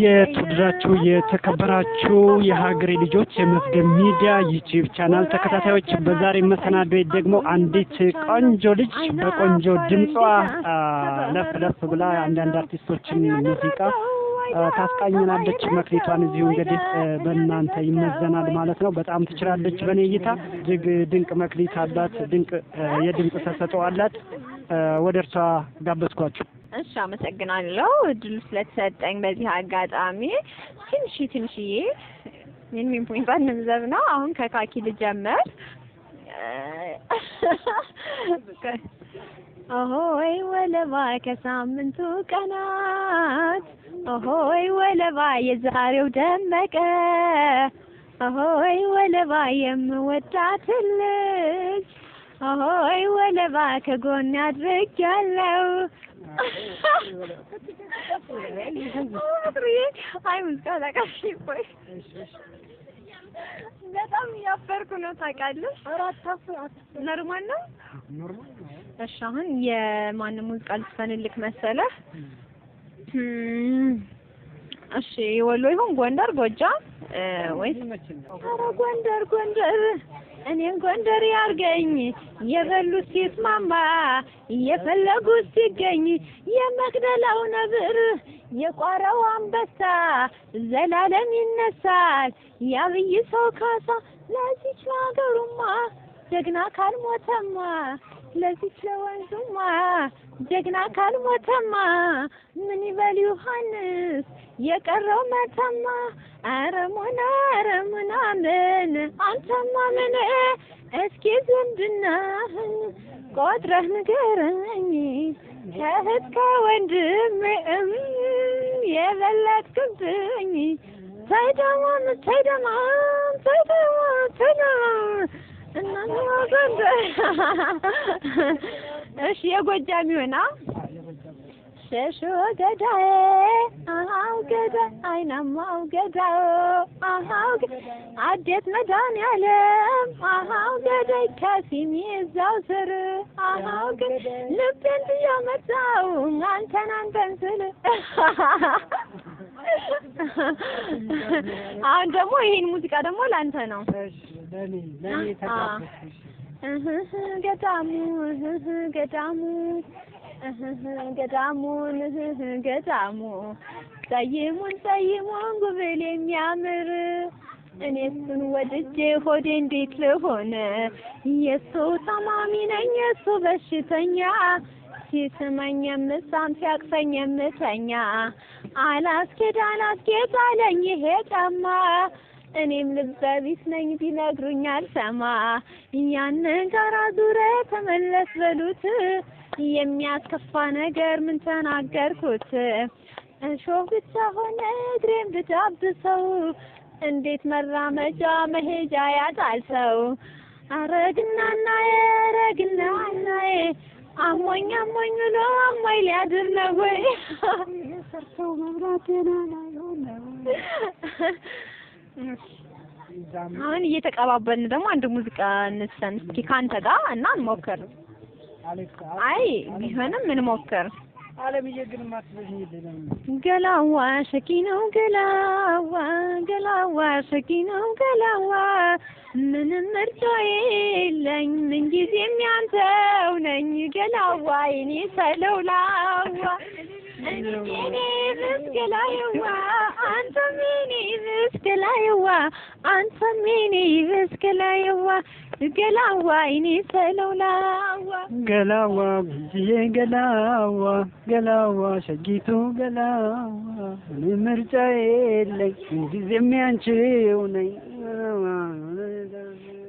የተወደዳችሁ የተከበራችሁ የሀገሬ ልጆች የመዝገብ ሚዲያ ዩቲዩብ ቻናል ተከታታዮች፣ በዛሬ መሰናዶ ደግሞ አንዲት ቆንጆ ልጅ በቆንጆ ድምጿ ለፍ ለፍ ብላ አንዳንድ አርቲስቶችን ሙዚቃ ታስቃኝናለች። መክሊቷን እዚሁ እንግዲህ በእናንተ ይመዘናል ማለት ነው። በጣም ትችላለች። በእኔ እይታ እጅግ ድንቅ መክሊት አላት። ድንቅ የድምፅ ተሰጥኦ አላት። ወደ እርሷ ጋበዝኳችሁ። እሺ አመሰግናለሁ እድሉ ስለተሰጠኝ። በዚህ አጋጣሚ ትንሽ ትንሽዬ ምን ፖይንት እንምዘብ ነው። አሁን ከካኪ ልጀምር። ኦሆይ ወለባ ከሳምንቱ ቀናት፣ ኦሆይ ወለባ የዛሬው ደመቀ፣ ኦሆይ ወለባ የምወዳት ልጅ፣ ኦሆይ ወለባ ከጎን አድርግ ያለው አይ ሙዚቃ ቆይ በጣም እያፈርኩ ነው ታውቃለህ። ኖርማል ነው። እሺ አሁን የማንም ሙዚቃ ልትፈንልክ መሰለህ? እሺ ወሎ ይሁን ጎንደር፣ ጎጃም ወይስ? ኧረ ጎንደር ጎንደር እኔን ጎንደር ያርገኝ የበሉት ሲስማማ የፈለጉት ሲገኝ የመቅደላው ነብር የቋራው አንበሳ ዘላለም ይነሳል ያብይ ሰው ካሳ ለዚች ሀገሩማ ጀግና ካልሞተማ ስለዚህ ስለወንዙማ ጀግና ካልሞተማ ምን ይበል ዮሐንስ የቀረው መተማ አረሙና አረሙና ምን አንተማ ምን እስኪ ዝምድናህን ቆጥረህ ንገረኝ ከእህት ከወንድም የበለጥክብኝ ተይደማ ተይደማ ተይደማ ተይደማ እናንተ እሺ፣ የጎጃም ይሆና ሸሾ ገዳዬ አሃው ገዳ አይናማው ገዳው አሃው አዴት መዳን ያለ አሃው ገዳይ ከፊም ይዛው ስር አሃው ልቤን ብዬ አንተን አንተን ስል አሁን ደግሞ ይሄን ሙዚቃ ደግሞ ላንተ ነው። ለኔ ለኔ ገዳሙ ገዳሙ ገዳሙን ገዳሙ ጠይሙን ጠይሙን ጉብል የሚያምር እኔ እሱን ወድጄ ሆዴ እንዴት ልሆን የእሱ ታማሚ ነኝ የእሱ በሽተኛ ሲስመኝ ሲያቅፈኝ የምተኛ አላስኬድ አላስኬድ አለኝ ይሄ ጫማ እኔም ልበቢስ ነኝ ቢነግሩኝ አልሰማ ያንን ጋራ ዙረ ተመለስ በሉት የሚያስከፋ ነገር ምን ተናገርኩት? እሾህ ብቻ ሆነ እግሬን ብዳብሰው እንዴት መራመጃ መሄጃ ያጣል ሰው አረግናና የረግና አሞኝ አሞኝ ብሎ አሞኝ ሊያድር ነው ወይ አሁን እየተቀባበልን ደግሞ አንድ ሙዚቃ እንሰን እስኪ ካንተ ጋር እና እንሞክር። አይ ቢሆንም እንሞክር። አለምዬ ግን ማትበዥኝልኝ ገላዋ ሸኪናው ገላዋ ገላዋ ሸኪናው ገላዋ ምንም ምርጫ የለኝ ምን ምንጊዜም ያንተው ነኝ ገላዋ የኔ ሰለውላዋ ምስገላይዋ አንተ ሚኒ ምስገላይዋ ገላዋ ይኔ ሰለውላዋ ገላዋ ጉጅዬ ገላዋ ገላዋ ሸጊቱ ገላዋ እኔ ምርጫ የለኝ የሚያንችው ነኝ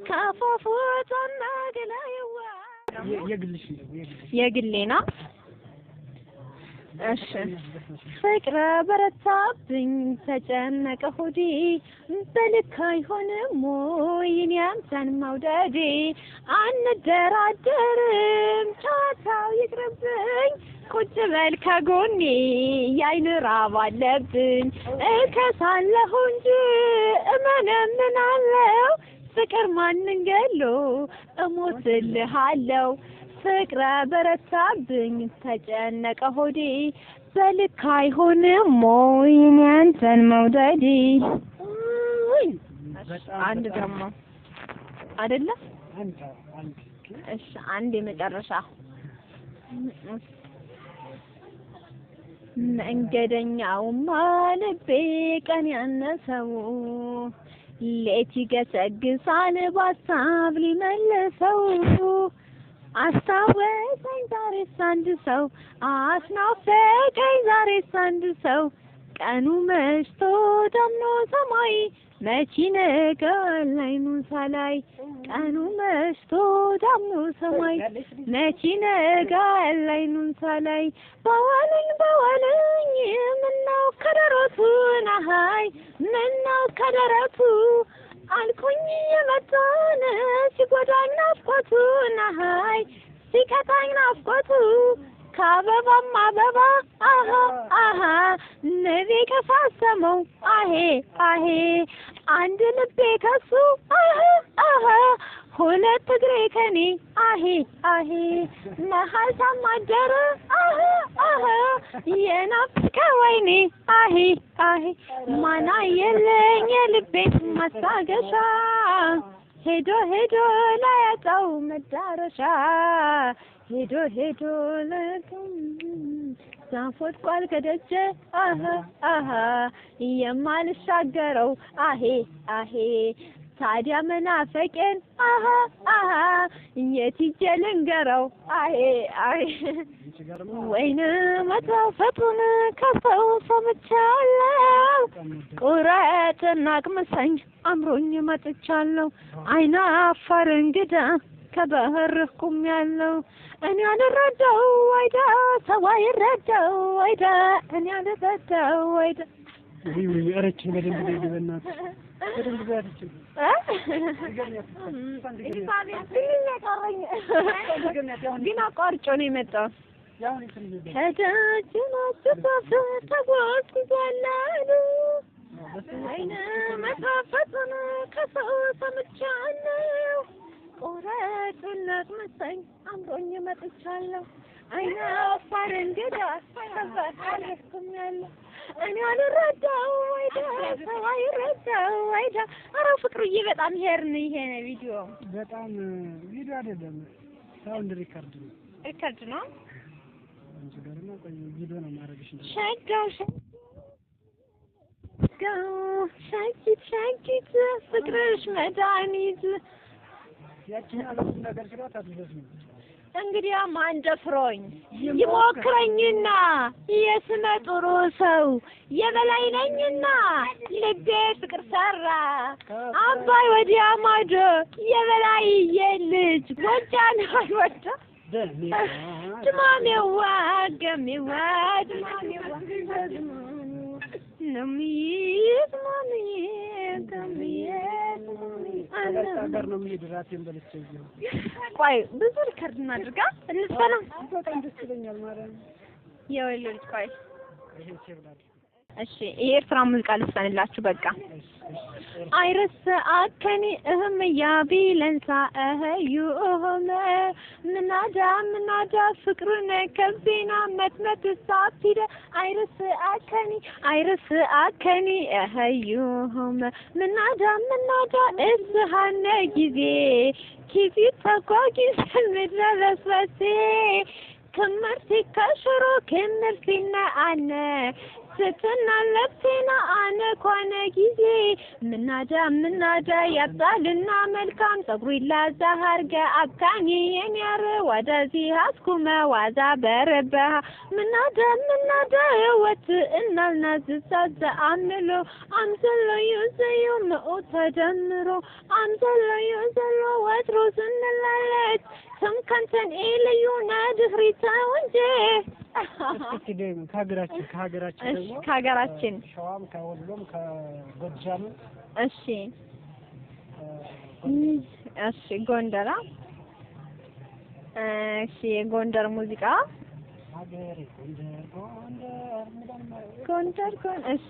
ካፎፎቷና የግልሽ የግሌ ነው። እሺ ፍቅረ በረታብኝ ተጨነቀ ሆዴ በልክ አይሆንም ወይ እኔ አንተን መውደዴ አንደራደርም ጨዋታው ይቅርብኝ ቁጭ በል ከጎኔ የአይን ራብ አለብኝ እከሳለሁ እንጂ እመንም ምናለው ፍቅር ማንን ገሎ እሞትልሃለው ፍቅረ በረታብኝ ተጨነቀ ሆዴ በልክ አይሆንም ሞይን ያንተን መውደዴ አንድ ደግሞ አይደለ እሺ አንድ የመጨረሻ መንገደኛውማ ልቤ ቀን ያነሰው ሌት ይገሰግሳል ባሳብ ሊመለሰው አስታወሰኝ ዛሬስ አንድ ሰው አስናፈቀኝ ዛሬስ አንድ ሰው ቀኑ መሽቶ ደምኖ ሰማይ መች ይነጋል አይኑን ሳላይ ቀኑ መሽቶ ደምኖ ሰማይ መች ይነጋል አይኑን ሳላይ በዋለኝ በዋለኝ ምነው ከደረቱ ናሀይ ምነው ከደረቱ አልኩኝ የመጣን ሲጎዳኝ ናፍቆቱ ናሀይ ሲቀጣኝ ናፍቆቱ ከአበባም አበባ አሀ አሀ ንቤ ከሳሰመው አሄ አሄ አንድ ልቤ ከሱ አሀ አሀ ሁለት እግሬ ከኔ አሄ አሄ መሀል ታማደረ አህ አህ የናፍቀ ወይኔ አሄ አሄ ማና የለኝ የልቤት ማሳገሻ ሄዶ ሄዶ ላያጣው መዳረሻ ሄዶ ሄዶ ለቅም ዛፎት ቋል ከደጀ አህ አህ የማልሻገረው አሄ አሄ ታዲያ መናፈቄን አሀ አሀ የት ሂጄ ልንገረው አሄ አሄ ወይን መጣፈጡን ከሰው ሰምቻለሁ። ቁረጥ እናቅምሰኝ አምሮኝ መጥቻለሁ። አይና አፋር እንግዳ ከባህር ቁም ያለው እኔ አልረዳው ወይዳ ሰው አይረዳው ወይዳ እኔ አልረዳው ወይዳ ወይ ወይ ረችን በደንብ በናት በደንብ በያትችን ግን አቋርጮ ነው የመጣው። ከታችን አስፋፍ ተጓዝኩዛላሉ አይነ መሳፈጥን ከሰው ሰምቻለሁ። ቁረጡን ለቅምሰኝ አምሮኝ መጥቻለሁ። አይና አፋር ፍቅሩዬ በጣም ሄርን ይሄ ቪዲዮ በጣም ቪዲዮ አይደለም ሳውንድ ሪከርድ ነው፣ ሪከርድ ነው። አንቺ ጋር ነው ቆይ ቪዲዮ ነው ማረግሽ ነው ሸጋው ሸጋው ሸጊት ሸጊት ፍቅርሽ መድኃኒት ያቺን አለቱን ነገር ስራ ታድርገሽ እንግዲያም አንደፍሮኝ ይሞክረኝና የስመ ጥሩ ሰው የበላይ ነኝና ልቤ ፍቅር ሰራ አባይ ወዲያ ማዶ የበላይ የልጅ ጎጃን አይወዳ ድማሜዋ ገሜዋ ድማሜዋ ነሚይ ድማሜ ገሜ ሀገር ነው የምሄድ እራሴን በልቼ እዚሁ። ቆይ ብዙ ሪከርድ እናድርጋ እንስራ በጣም ደስ ይለኛል ማለት ነው የወለድ ቆይ እሺ የኤርትራ ሙዚቃ ልስፈንላችሁ። በቃ አይረስ አከኒ እህም ያ ቢለንሳ እህዩ እህም ምናዳ ምናዳ ፍቅሩን ከቢና መትመት ሳፊደ አይረስ አከኒ አይረስ አከኒ እህዩ እህም ምናዳ ምናዳ እስሃነ ጊዜ ኪዚ ተጓጊዝ ምድረ በስበሴ ክምርቲ ከሽሮ ክምርቲነ አነ ስትናለብ ቴና አነ ኳነ ጊዜ ምናዳ ምናዳ ያብጣልና መልካም ጸጉሪ ላዛ ሀርገ አብካኒ የሚያር ወደዚ አስኩመ ዋዛ በረበሀ ምናዳ ምናዳ ህወት እናልና ዝሳዘ አምሎ አምሰሎ ዩዘዩ ምኡ ተደምሮ አምሰሎ ዩዘሎ ወትሮ ስንላለች ትምከንተን ኤልዩና ድፍሪታ ወንጀ ከሀገራችን ከሀገራችን ከሀገራችን ሸዋም ከወሎም ከጎጃም እሺ እሺ ጎንደራ እሺ የጎንደር ሙዚቃ ጎንደር ጎንደር ጎንደር እሺ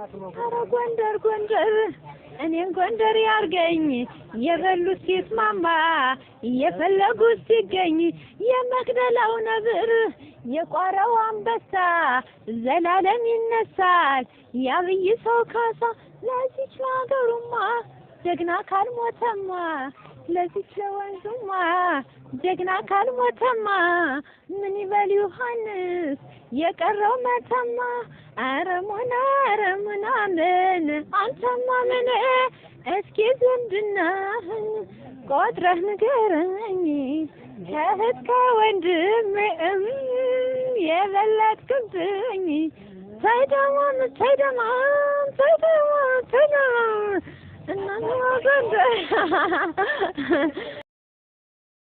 ኧረ ጎንደር ጎንደር እኔን ጎንደር ያርገኝ የበሉት ሲስማማ የፈለጉት ሲገኝ የመክደላው ነብር የቋራው አንበሳ ዘላለም ይነሳል ያብይ ሰው ካሳ ለዚች ሀገሩማ ጀግና ካልሞተማ ስለዚህ ስለወንዙማ ጀግና ካልሞተማ ምን ይበል ዮሐንስ የቀረው መተማ አረሙና አረሙና ምን አንተማ ምን እስኪ ዝምድናህን ቆጥረህ ንገረኝ ከእህት ከወንድም የበለጥክብኝ ተይ ደማም ተይ ደማም 能不能站着？